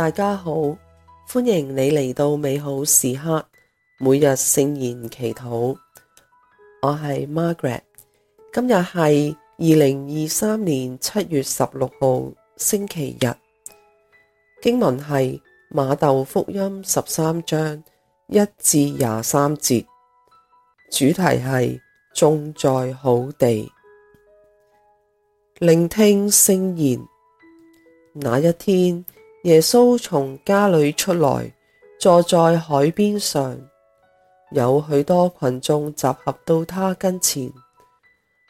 大家好，歡迎你嚟到美好時刻，每日聖言祈禱。我係 Margaret，今日係二零二三年七月十六號星期日，經文係馬竇福音十三章一至廿三節，主題係種在好地，聆聽聖言那一天。耶穌從家裏出來，坐在海邊上，有許多群眾集合到他跟前，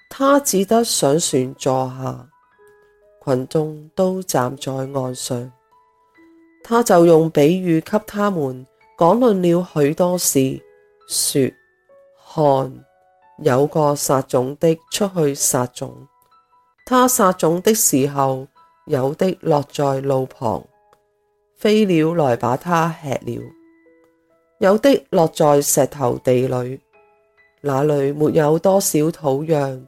他只得上船坐下，群眾都站在岸上，他就用比喻給他們講論了許多事，說：看，有個撒種的出去撒種，他撒種的時候，有的落在路旁。飛鳥來把它吃了，有的落在石頭地裏，那裏沒有多少土壤，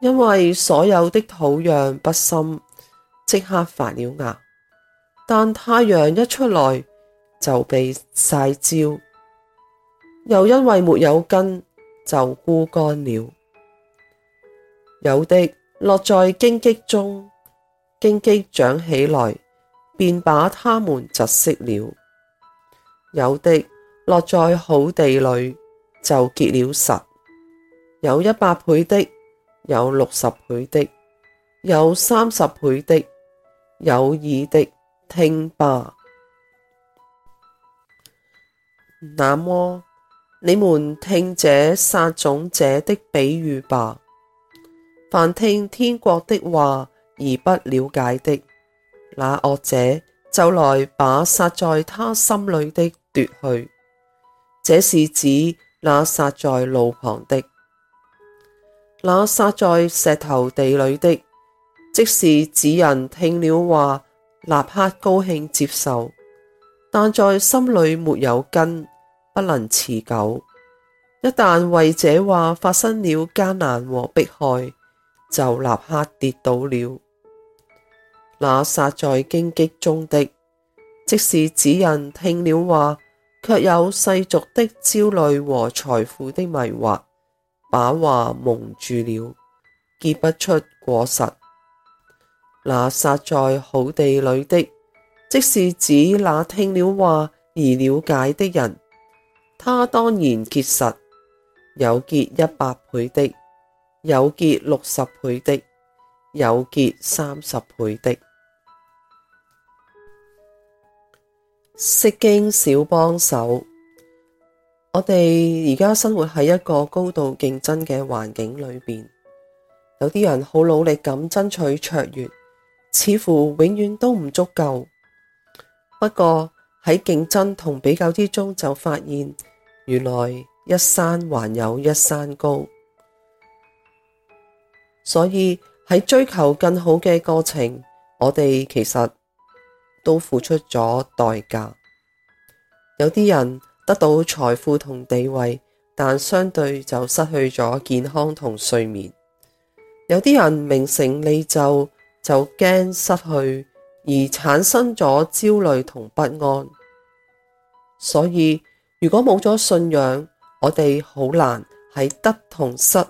因為所有的土壤不深，即刻發了芽，但太陽一出來就被曬焦，又因為沒有根就枯乾了。有的落在荊棘中，荊棘長起來。便把他們窒息了。有的落在好地裏，就結了實；有一百倍的，有六十倍的，有三十倍的，有耳的，聽吧。那麼你們聽這撒種者的比喻吧。凡聽天國的話而不了解的。那惡者就來把撒在他心裏的奪去，這是指那撒在路旁的，那撒在石頭地裏的，即是指人聽了話，立刻高興接受，但在心裏沒有根，不能持久，一旦為這話發生了艱難和迫害，就立刻跌倒了。那撒在荊棘中的，即是指人聽了話，却有世俗的焦慮和財富的迷惑，把話蒙住了，結不出果實。那撒在好地裏的，即是指那聽了話而了解的人，他當然結實，有結一百倍的，有結六十倍的，有結三十倍的。釋經小幫手，我哋而家生活喺一個高度競爭嘅環境裏邊，有啲人好努力咁爭取卓越，似乎永遠都唔足夠。不過喺競爭同比較之中，就發現原來一山還有一山高。所以喺追求更好嘅過程，我哋其實。都付出咗代價，有啲人得到財富同地位，但相對就失去咗健康同睡眠；有啲人名成利就，就驚失去，而產生咗焦慮同不安。所以如果冇咗信仰，我哋好難喺得同失、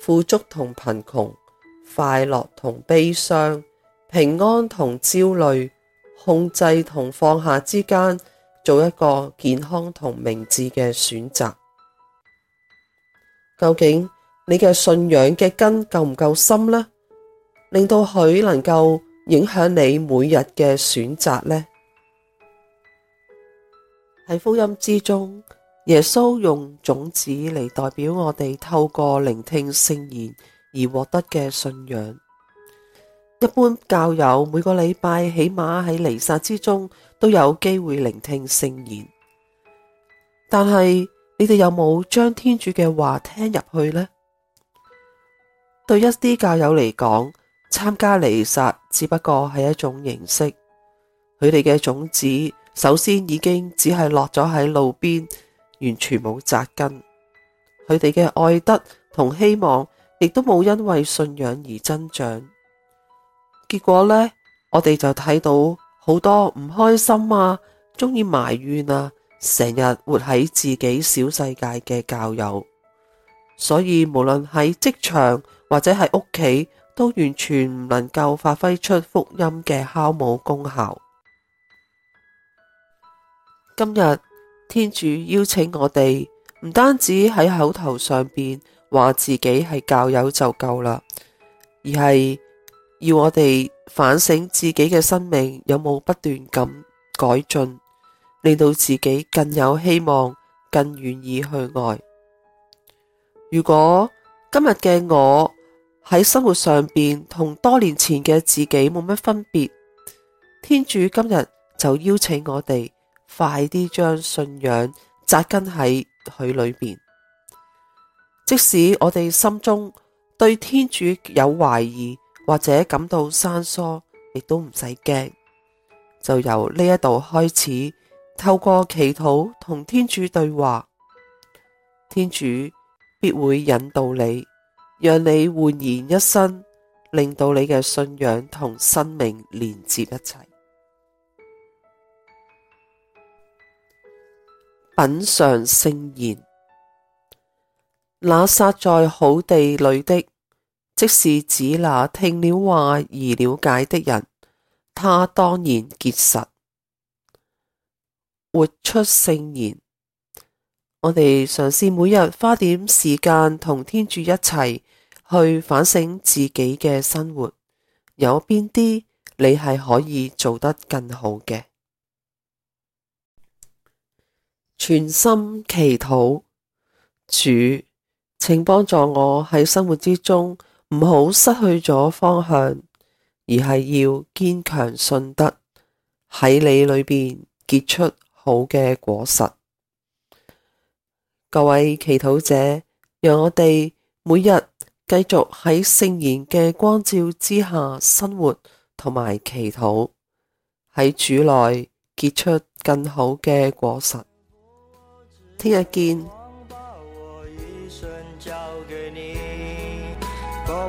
富足同貧窮、快樂同悲傷、平安同焦慮，控制同放下之間，做一個健康同明智嘅選擇。究竟你嘅信仰嘅根夠唔夠深呢？令到佢能夠影響你每日嘅選擇呢？喺福音之中，耶穌用種子嚟代表我哋透過聆聽聖言而獲得嘅信仰。一般教友每個禮拜起碼喺彌撒之中都有機會聆聽聖言，但係你哋有冇將天主嘅話聽入去呢？對一啲教友嚟講，參加彌撒只不過係一種形式，佢哋嘅種子首先已經只係落咗喺路邊，完全冇紮根，佢哋嘅愛德同希望亦都冇因為信仰而增長。結果呢，我哋就睇到好多唔開心啊，中意埋怨啊，成日活喺自己小世界嘅教友，所以無論喺職場或者喺屋企，都完全唔能夠發揮出福音嘅酵母功效。今日天主邀請我哋，唔單止喺口頭上邊話自己係教友就夠啦，而係，要我哋反省自己嘅生命，有冇不斷咁改進，令到自己更有希望，更願意去愛。如果今日嘅我喺生活上邊同多年前嘅自己冇乜分別，天主今日就邀請我哋快啲將信仰扎根喺佢裏邊，即使我哋心中對天主有懷疑。或者感到生疏，亦都唔使驚，就由呢一度開始，透過祈禱同天主對話，天主必會引導你，讓你煥然一新，令到你嘅信仰同生命連接一齊。品嚐聖言，那撒在好地裏的。即是指那聽了話而了解的人，他當然結實，活出聖言。我哋嘗試每日花點時間同天主一齊去反省自己嘅生活，有邊啲你係可以做得更好嘅？全心祈禱，主，請幫助我喺生活之中。唔好失去咗方向，而係要堅強信德，喺你裏邊結出好嘅果實。各位祈禱者，讓我哋每日繼續喺聖言嘅光照之下生活同埋祈禱，喺主內結出更好嘅果實。聽日見。